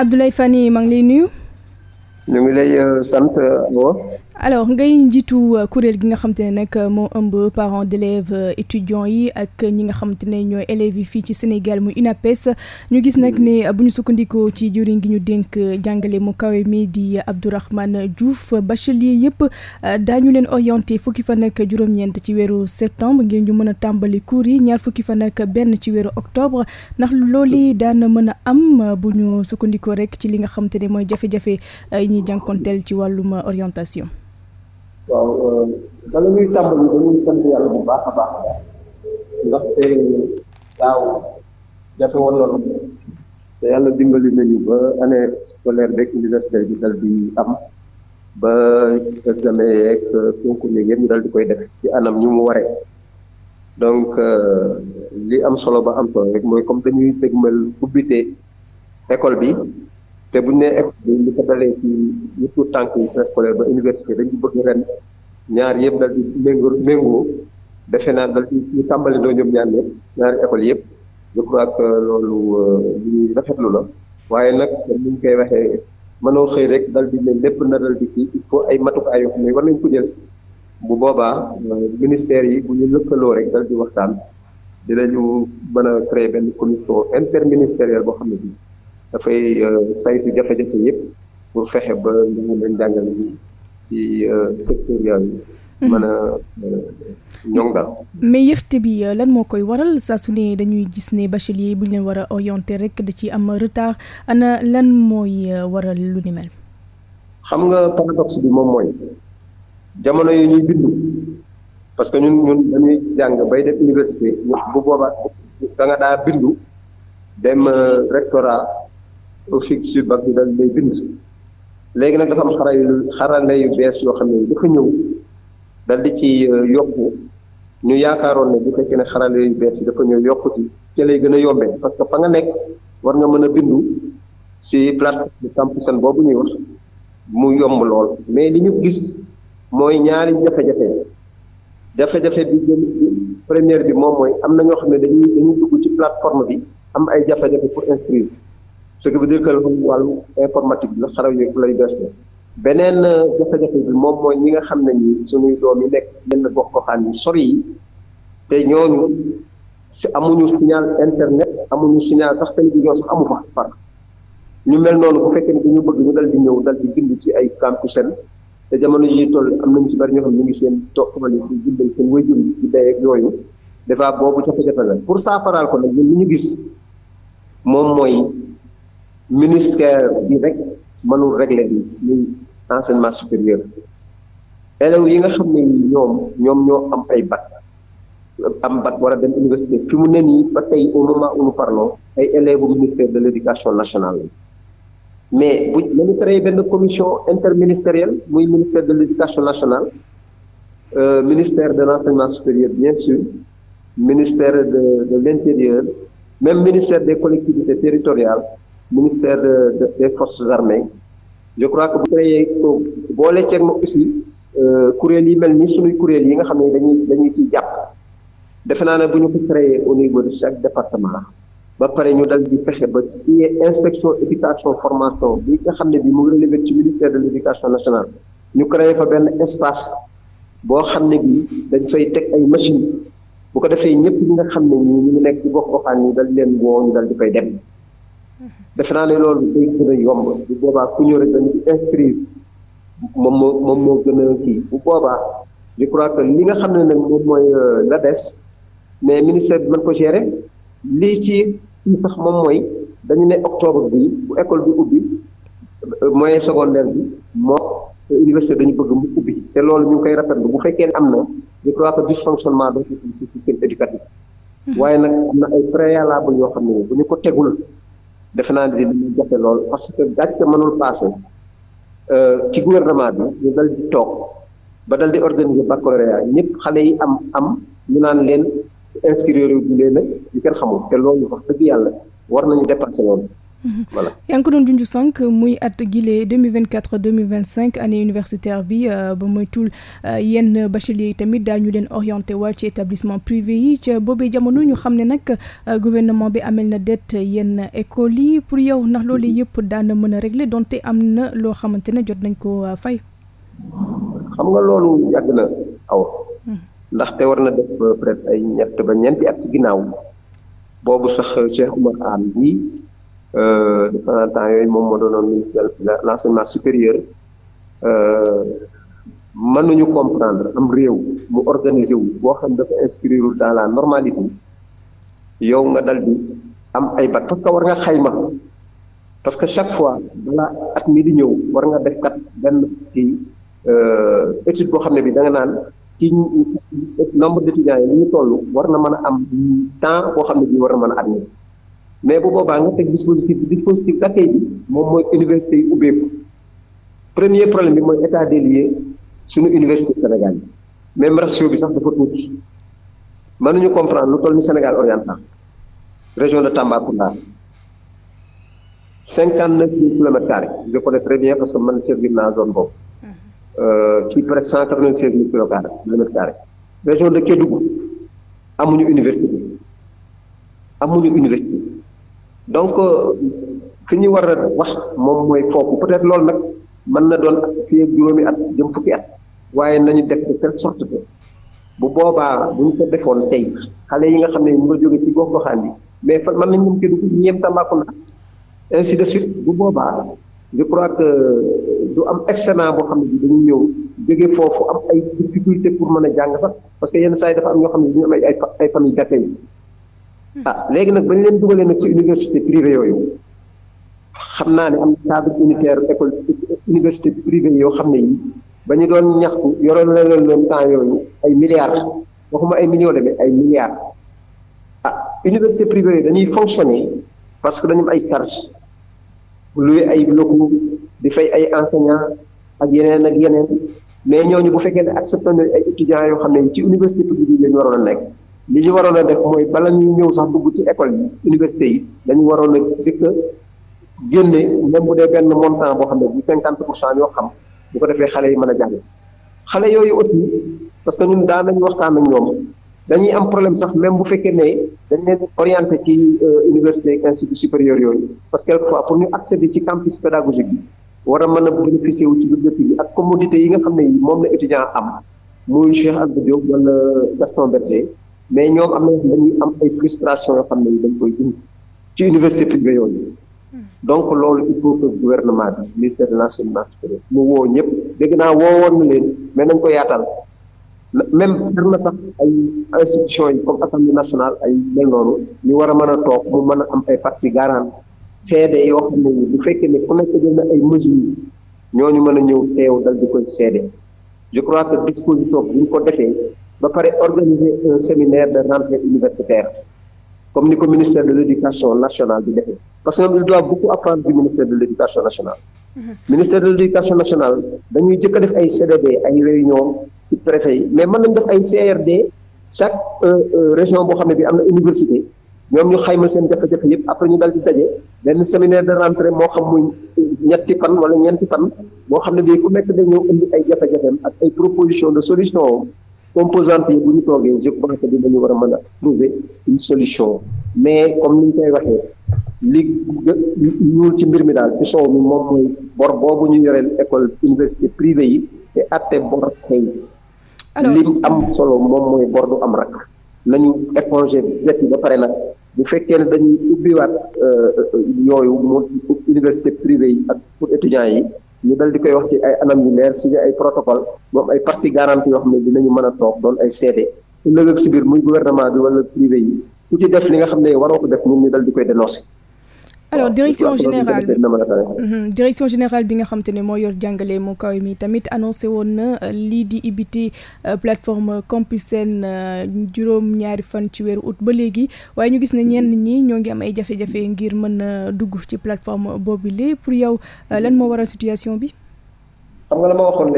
Abdoulaye Fane maa ngi lay nuyu. ñu ngi lay euh, sant Awa. alors ngay njiitu euh, kuréel gi nga xamante ne nag euh, moo ëmb parents d'élèves euh, étudiants yi ak ñi nga xamante ne ñooy élèves yi fii ci Sénégal mu UNAPES ñu gis nag ne bu ñu sukkandikoo ci jëriñ gi ñu dénk jàngale mu kawe mi di Abdourahmane Diouf bachelier yëpp daañu leen orienté fukki fan ak juróom-ñeent ci weeru septembre ngir ñu mën a tàmbali cours yi ñaar fukki fa ak benn ci weeru octobre ndax loolu daana mën a am bu ñu sukkandikoo rek ci li nga xamante ne mooy jafe-jafe yi ñuy jànkonteel ci wàllum orientation. waaw bala euh, ñuy tàmbali dañuy sant yàlla bu baax a baax a baax ndaxte daaw jafe woon na loolu te yàlla dimbali nañu ba année scolaire beeg université bi dal di am ba examen yeeg concours yeeg yëpp ñu dal di koy def ci anam ñu mu waree donc euh, li am solo ba am solo rek mooy comme dañuy dégmal ubbite école bi te bu ñu nee école bi ko dalee ci ñu tànk yi préscolaire ba université dañu bëgg ren ñaar yëpp dal di méngoo méngoo defe naa dal di ñu tàmbali doo ñoom ñaar yëpp ñaari école yëpp je ko ak loolu euh, lu ñuy rafetlu la waaye nag ni ñu koy waxee mënoo xëy rek dal di ne lépp na dal di kii il ay matukaay yoo war nañ ko jël bu boobaa euh, ministère yi bu lëkkaloo rek dal di waxtaan dinañu mën a créer benn commission interministérielle boo xam ne bii dafay euh, saytu jafe-jafe yëpp pour fexe ba ñu ngi leen jàngale ci euh, secteur yooyu. Mhm. mën euh, ñoŋ daal. mais yéexte bi lan moo koy waral saa su ne dañuy gis ne bachelier bu ñu leen war a orienté rek da ci am retard ana lan mooy waral lu ni mel. xam nga paradoxe bi moom mooy jamono yi ñuy bindu parce que ñu ñun dañuy jàng bay def université bu boobaat da nga daa bindu dem rectorat. fixe yu bag yi daal lay bind léegi nag dafa am xara xarala yu bees yoo xam ne dafa ñëw dal di ci euh, yokku ñu yaakaaroon ne bu fekkee ne xarala yu bees yi dafa ñëw yokkuti te lay gën a yombee parce que fa nga nekk war nga mën a bindu si plateforme Campusen boobu ñuy wax mu yomb lool mais li ñu gis mooy ñaari jafe-jafe jafe-jafe bi gën mooy am na ñoo xam ne dañuy dugg ci plateforme bi am ay jafe-jafe pour inscrire ce qui veut dire que loolu wàllu informatique bi la xaraw yëpp lay bees beneen euh, bi moom mooy ñi nga xam ne ni suñuy doom yi nekk yenn gox goxaan yu sori yi te ñooñu si amuñu signal internet amuñu signal sax télévision sax amu fa par ñu mel noonu bu fekkee ne ñu bëgg ñu dal di ñëw dal di bind ci ay campusen te jamono ji toll am nañu si bari ñoo xam ne ñu ngi seen tool yi di bindal seen wéyjur di day ak yooyu dafa boobu jafe-jafe la pour saafaraal ko nag ñun li ñu gis moom mooy ministère bi rek mënul régler bi muy enseignement supérieur élèves yi nga xam ni ñoom ñoom ñoo am ay bac am bac wala a dem université fi mu ne nii ba tey au moment où ay élèves ministère de l' éducation nationale la mais bu nañu créé benn commission interministérielle muy ministère de l' éducation nationale euh, ministère de l' enseignement supérieur bien sûr ministère de de même ministère des collectivités territoriale ministère de, de des forces je crois que bu créé ko euh, boole ceeg ma aussi euh, kuréel yi mel ni suñuy kuréel yi nga xam ne dañuy dañuy ciy jàpp defe naa ne bu ñu ko créé au niveau de chaque département ba pare ñu dal di fexe ba ci inspection éducation formation bi nga xam ne bi mu relevé ci ministère de l' éducation nationale ñu créé fa benn espace boo xam ne bi dañ fay teg ay machine bu ko defee ñëpp ñi nga xam ne ñi ñu nekk ci gox goxaan ñu dal ñu dal di defe naa ne loolu day gën a yomb bu boobaa ku ñëw rek dañu inscrire moom moo moom moo gën a kii bu boobaa je crois que li nga xam ne nag moom mooy euh, la des mais ministère bi mën ko rek lii ci fii sax moom mooy dañu ne octobre bi bu école bi ubbi euh, moyen secondaire bi moo université dañu bëgg mu ubbi te loolu ñu ngi koy rafetlu bu fekkee ne am na je crois que dysfonctionnement dootul ci système éducatif hmm. waaye nag am na ay préalable yoo xam ne bu ñu ko tegul defe naa ne dina jafe lool parce que gàcce mënul passé euh, ci gouvernement bi ñu dal di toog ba dal di organiser baccalauréat ñëpp xale yi am am ñu naan leen inscrire yu leen a ñu kenn xamul te loolu wax dëgg yàlla war nañu dépasser loolu. voilà yaa ngi ko doon junj cinq muy at vingt gile 2024 cinq année universitaire bi euh, ba moytul euh, yenn bachelier yi tamit ñu leen orienté waa ci établissement privé yi ca boobee jamono ñu xam ne nag euh, gouvernement bi amel na dette yenn école yi pour yow ndax loolu yëpp daana mën a régler donte am na loo xamante ne jot nañ ko fay. xam nga loolu yàgg na aw. Hmm. ndaxte war na def peut-être ay ñett ba ñeenti at ci ginnaaw boobu sax Euh, de pendant temps yooyu moom moo doonoon ministre la l' enseignement supérieur euh, mënuñu comprendre am réew mu organiser wu boo xam dafa inscrire dans la normalité yow nga dal di am ay bat parce que war nga xayma parce que chaque fois balaa at mi di ñëw war nga def kat benn kii euh, étude boo xam ne bi da naan ci nombre d' étudiants yi li ñu toll war na mën a am temps boo xam ne bi war na mën a admettre mais bu boobaa nga teg dispositif bi dispositif d'accueil bi moom mooy université yi ubbeeku premier problème bi mooy état des lieux suñu université Sénégal yi même ratio bi sax dafa tuuti mënuñu comprend lu toll ni Sénégal oriental région de Tambacounda cinquante neuf mille kilomètres carrés je connais très bien parce que man servir naa zone boobu ci euh, presque région de Kédougou amuñu université amuñu université donc euh, fi ñuy war a wax moom mooy foofu peut-être loolu nag mën na doon fii ak juróomi at jëm fukki at waaye nañu def de telle sorte que bu boobaa bu ñu ko defoon tey xale yi nga xam ne mu nga jóge ci gox goxaan yi mais fan mën nañ ñoom kii dugg ñeem Tambacounda ainsi de suite bu boobaa je crois que am excellent boo xam ne bi dañuy ñëw jóge foofu am ay difficulté pour mën a jàng sax parce que yenn saa yi dafa am ñoo xam ne dañu am ay ay famille d'accueil ah léegi nag bañ leen dugalee nag ci université privée yooyu xam naa ne am na cadre unitaire école université privée yoo xam ne yi ba ñu doon ñaxtu yoroon la leen leen temps yooyu ay milliards waxuma ay millions de mais ay milliards ah université privée yooyu dañuy fonctionner parce que dañu am ay charges luy ay locaux di fay ay enseignants ak yeneen ak yeneen mais ñooñu bu fekkee ne accepté nañu ay étudiants yoo xam ne ci université privée yi lañu waroon a nekk. li ñu waroon a def mooy bala ñuy ñëw sax dugg ci école yi université yi dañu waroon a dëkk génne même bu dee benn montant boo xam ne bu cinquante pour cent ñoo xam bu ko defee xale yi mën a jàng xale yooyu aussi parce que ñun daan nañu waxtaan ak ñoom dañuy am problème sax même bu fekkee ne dañ leen orienté ci euh, université institut supérieur yooyu parce que quelquefois pour ñu accéder ci campus pédagogique bi war a mën a wu ci bibliothèque bi ak commodité yi nga xam ne moom la étudiant am muy Cheikh Anta Diop wala Gaston Berger mais ñoom am na dañuy am ay frustration yoo xam ne dañ koy dund ci université privée yooyu donc loolu il faut que gouvernement bi ministère de l'enseignement supérieur mu woo ñëpp dégg naa woowoon na leen mais nañ ko yaatal même jar na sax ay institutions yi comme assemblée nationale ay mel noonu ñu war a mën a toog mu mën a am ay partie garante seede yoo xam ne bu fekkee ne ku nekk jël na ay mesures ñooñu mën a ñëw teew dal di koy seede je crois que disposition ko defee ba pare organiser un séminaire de rentrée universitaire comme ni ko ministère de l' éducation nationale bi defee parce que ñoom il doit beaucoup apprendre du ministère de l' éducation nationale. Mhm. ministère de l' éducation nationale dañuy jëkk a def ay CDD ay réunion ci préfet yi mais mën nañ def ay CRD chaque euh, euh, région boo xam ne bi am na université ñoom ñu xaymal seen jafe-jafe yëpp après ñu dal di daje benn séminaire de rentrée moo xam muy ñetti fan wala ñeenti fan boo xam ne bii ku nekk dañoo indi ay jafe ak ay proposition de solution. composante yi bu ñu toogee je crois que dinañu war a mën a trouver une solution mais comme ni ñu koy waxee li ñuul ci mbir mi daal ci soow mi moom mooy bor boobu ñu yoreel école université privée yi te atte bor xëy li am solo moom mooy bor du am rak nañu éponger dette ba pare nag bu fekkee ne dañuy ubbiwaat euh, euh, yooyu mu université privée yi ak pour étudiants yi ñu dal di koy wax ci ay anam yu leer signé ay protocole moom ay partie garantie yoo xam ne dinañu mën a toog doon ay seede ëllëg ak si biir muy gouvernement bi wala privé yi ku ci def li nga xam ne waroo def ñun ñu dal di koy dénoncé alors direction générale mhm, direction générale bi nga xam te ne moo yor jàngale mu kaw mi tamit annoncé woon na euh, lii di ibiti euh, plateforme Campus Sène euh, juróom ñaari fan ci weeru ut ba léegi waaye ñu gis ne ñenn ñi ñoo ngi am ay jafe-jafe ngir mën a dugg ci plateforme boobu lii pour yow lan moo waral situation bi. xam nga la ma waxoon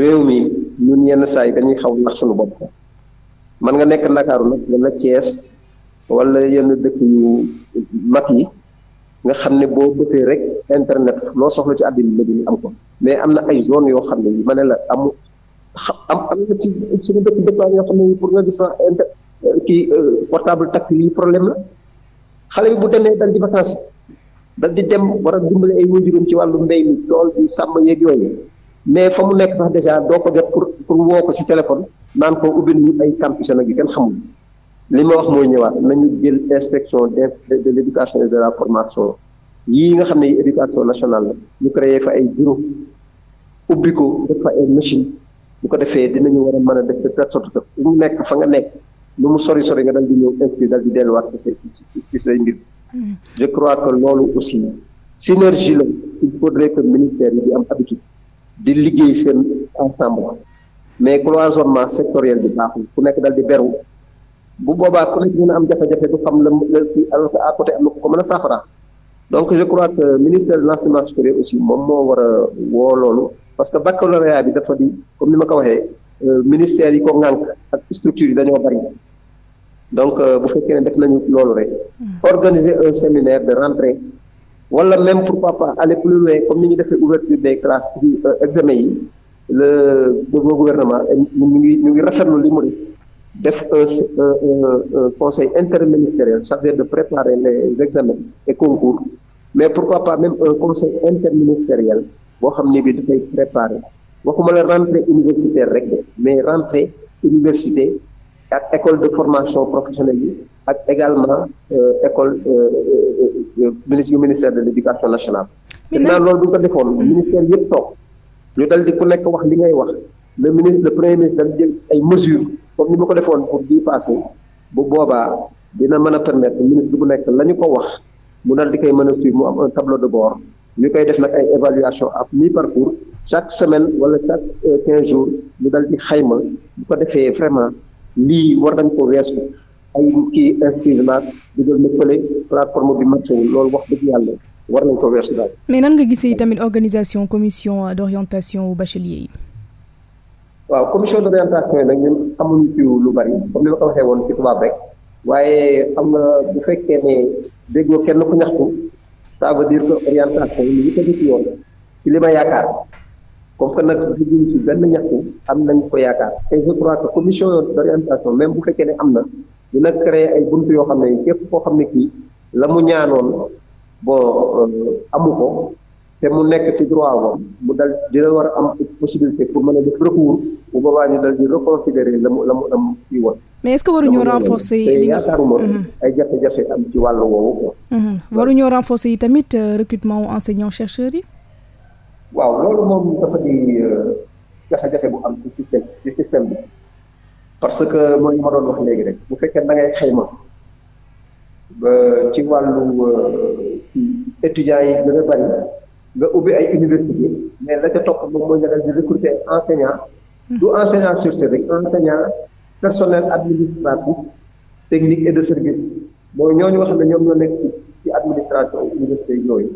réew mi ñun yenn saa yi dañuy xaw nax suñu bopp man nga nekk Ndakaaru nag wala Thiès. wala yenn dëkk yu mat yi nga xam ne boo bësee rek internet loo soxla ci àddina bi dina am ko mais am na ay zone yoo xam ne ma ne amu am am am na ci suñu dëkk dëkkwaan yoo xam ne pour nga gis euh, kii euh, portable tactile yi problème la xale bi bu demee dal di vacance dal di dem war a dimbale ay waajuram ci wàllu mbéy mi tool bi sàmm yeeg yooyu mais fa mu nekk sax dèjà doo ko jot pour pour woo ko ci téléphone naan ko ubbi nañu ay campus nag yu kenn xamul. li ma wax mooy ñëwaat nañu jël inspection de l' éducation et de la formation yii nga xam ne éducation nationale la ñu créé fa ay bureau ubbi ko ay machine bu ko defee dinañu war a a def de telle sorte mu nekk fa nga nekk lu mu sori sori nga dal di ñëw inscrit dal di delluwaat ci say ci say mbir hmm. je crois que loolu aussi synergie la il faudrait que ministère yi di am habitude di liggéey seen ensemble mais cloisonnement sectoriel bi baaxul ku nekk dal di beru bu boobaa ku nekk dina am jafe-jafe du xam la kii alors que à côté am na ku ko mën a saafara donc je crois que ministère de l'enseignement supérieur aussi moom moo war a parce que baccalauréat bi dafa di comme ni ma ko waxee euh, ministère yi ko ŋànk ak structure yi dañoo bari donc euh, bu fekkee ne def nañu loolu rek hmm. organiser un séminaire de rentrée wala même pourquoi pas aller plus loin comme ni ñu defee ouverture des classes euh, examen yi le nouveau gouvernement ñu ngi ñu ngi rafetlu li mu di def un conseil interministériel ça veut dire de préparer les examens et concours mais pourquoi pas même un conseil interministériel boo xam ne bi dafay préparer waxuma la rentrée universitaire rek mais rentrée université ak école de formation professionnelle yi ak également euh, école euh, euh, ministre yu ministère de l' éducation nationale maintenant loolu bu ñu ko defoon mm. ministère yëpp toog ñu dal di ku nekk wax li ngay wax le ministre le premier ministre dal di ay mesures comme ni ma ko defoon pour bii passé bu boobaa dina mën a permettre ministre bu nekk la ñu ko wax mu dal di koy mën a suivre mu am un tableau de bord ñu koy def nag ay évaluation à mi parcours chaque semaine wala chaque euh, quinze jours mu dal di xayma bu ko defee vraiment lii war nañ ko weesu ay kii inscrire naag dugal na fële plateforme bi marché loolu wax dëgg yàlla war nañ ko weesu daal. mais nan nga gisee tamit organisation commission d'orientation bachelier yi. waaw commission d'orientation yi nag ñun xamuñu ci lu bari comme ni ma ko waxee woon ci tubaab rek waaye xam na bu fekkee ne déggoo kenn ku ñaxtu ça veut dire que orientation yi ñu ngi li ma yaakaar comme que nag ci benn ñaxtu am nañ ko yaakaar et je crois que commission d'orientation même bu fekkee ne am na dina créer ay buntu yoo xam ne képp koo xam ne kii la mu ñaanoon bon euh, amu ko te mu nekk ci droit moom mu dal dina war am possibilité pour mën a def recours bu boobaa ñu dal di reconsidérer la mu la mu la mu kii woon. mais est-ce waruñoo renforcer mhm. ay jafe-jafe am ci wàllu woowu. Mhm. waruñoo renforcer yi tamit euh, recrutement wu waaw loolu moom dafa di euh, jafe-jafe bu am ci système ci système bi parce que mooy li ma doon wax léegi rek bu fekkee da ngay xayma ci wàllu euh, étudiants yi gën a bari. nga ubbi ay université mais la ca topp moom mooy nga dem di recruter enseignant hmm. du enseignant chercheur rek enseignant personnel administratif technique et de service mooy ñooñu nga xam ne ñoom ñoo nekk ci administration université yooyu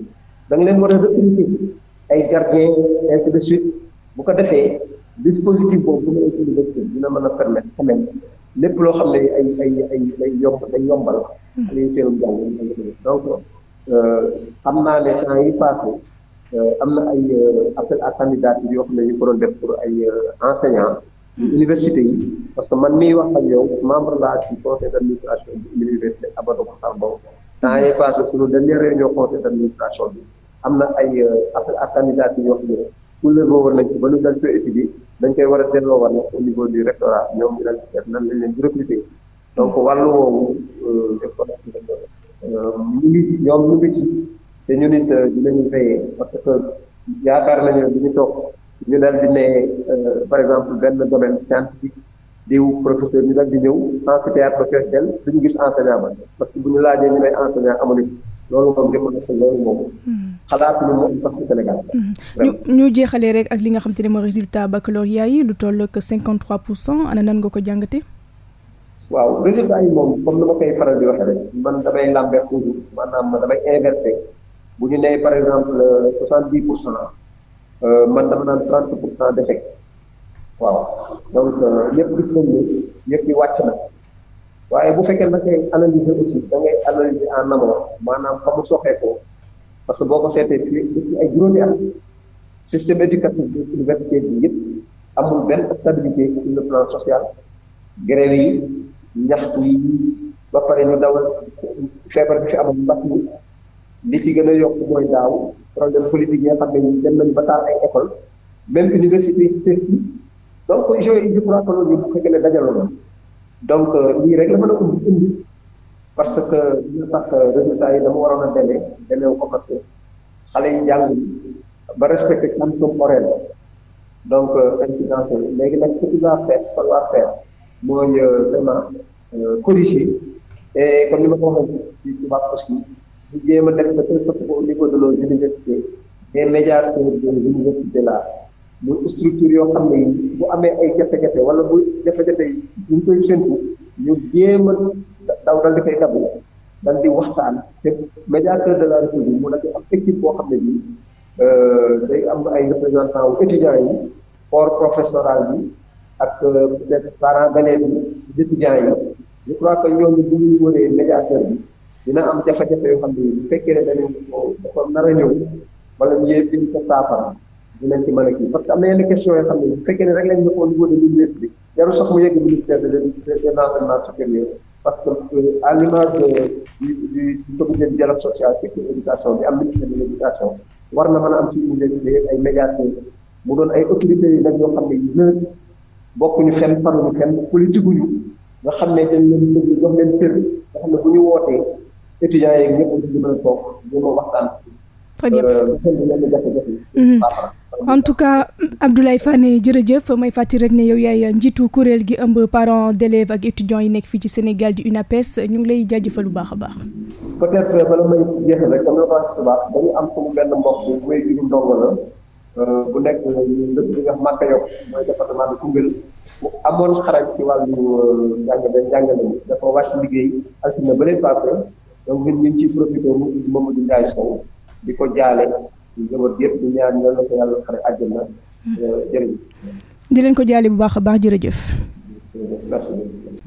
da nga leen war a recruter ay gardiens ainsi de bu ko defee dispositif boobu bu ñu utilisé dina mën a permettre quand même lépp loo xam ne ay ay ay day yomb day yombal. xale yi seenum jàng donc euh, xam naa ne temps yi passé Euh, am na ay euh, appel à candidature yoo xam ne ñu ko doon pour ay euh, enseignants. Hmm. université yi parce que man mii wax ak yow membre laa ci conseil d' administration bi université Amadou Mahtar Mbow. temps yii passé suñu dernière réunion conseil administration bi am na ay appel à candidature yoo xam ne woon nañ ba ñu dal koy étudier dañ koy war a delloo war nag au niveau du rectorat ñoom dal di seet nan lañ leen di recruter donc wàllu woowu def ko nag mu ngi ñoom te ñun it euh, dinañu veiller parce que yaakaar nañu ne ñu toog ñu daal di ne euh, par exemple benn domaine scientifique diw professeur ñu daal di ñëw amphithéâtre tel gis enseignant ba parce que bu ñu laajee ñu lay enseignant amuñu loolu moom def na ko loolu moom hmm. xalaatuñu moom hmm. ñu jeexalee rek ak li nga xam te ne mooy résultat baccalauréat yi lu toll que 53 pour cent ana nan nga ko jàngatee. waaw résultat yi moom comme ni ma koy faral di waxee rek man damay làmbee toujours maanaam damay inversé. bu ñu nee par exemple euh, soixante dix pour cent euh, man dama naan trente pour cent d'échec waaw euh, gis nañ ni ñëpp wàcc na bu fekkee da ngay analyser aussi da maanaam fa mu parce que boo ko seetee ay juróomi at système éducatif bi université bi amul benn stabilité sur le plan social grève yi ñaxtu ba pare ñu dawal feebar bi fi amul mbas mi li ci gën a yokk mooy daaw problème politique yi nga xam ne dem nañu ba taal ay école même université yi sës yi donc yooyu je crois que loolu bu fekkee ne dajaloo la donc euh, lii parce que dina tax euh, résultat yi ko parce que xale yi jàng ba respecté quantum horaire donc euh, incidence yi léegi nag ce qui va faire falloir faire mooy vraiment corriger et comme ni ma ko waxee ci tubaab aussi ñu jéem a def de telle sorte que au niveau de nos universités des médiateurs de l'université là muy structure yoo xam ne yi bu amee ay jafe-jafe wala bu jafe-jafe yi ñu koy séntu ñu jéem a daw dal di koy dabu dal di waxtaan te médiateur de la république mu nekk am équipe boo xam ne bii euh, day am ay représentants wu étudiants yi corps professoral bi ak euh, peut-être parents d'élèves yi étudiants yi je crois que ñooñu bu ñuy wëree médiateur bi dina am jafe-jafe yoo xam ne bu fekkee ne dañu ko dafa nar a ñëw wala ñu yëpp ñu ko saafara dinañ ci mën a kii parce que am ne bu fekkee ne rek lañ def au niveau de l'université jarul sax mu yegg ministère parce que euh, à l'image du du du comité de bi am ministère de war na a am ci ay médiateurs mu doon ay autorités yi nag yoo xam ne yu nëb bokkuñu fenn faruñu fenn politikuñu nga xam ne dañ leen déglu jox leen cër nga xam ne bu ñu wootee. étudiants yeeg ñëpp ñu mën a toog ñu mën a waxtaan. très bien euh, mhm. en tout cas Abdoulaye Fane jërëjëf may fàttali rek ne yow yaay njiitu kuréel gi ëmb parents d'élèves ak étudiants yi nekk fii ci Sénégal di UNAPES ñu ngi lay jaajëfal bu baax a baax. peut-être euh, bala may jeexal rek dama la wax suba dañu am suñu benn mbokk bu wéy bi ñu ndongo la euh, bu nekk dëkk bi nga Maka Yok mooy département de Koungheul mu amoon xarañ ci wàllu njàng njàngale mi dafa wàcc liggéey altine ba lay passé. donc ñun ñu ngi ciy profité di ko jaale njaboot yëpp di ñaan yal na ko yàlla hmm. euh, di leen ko jaale bu baax a baax jërëjëf. merci.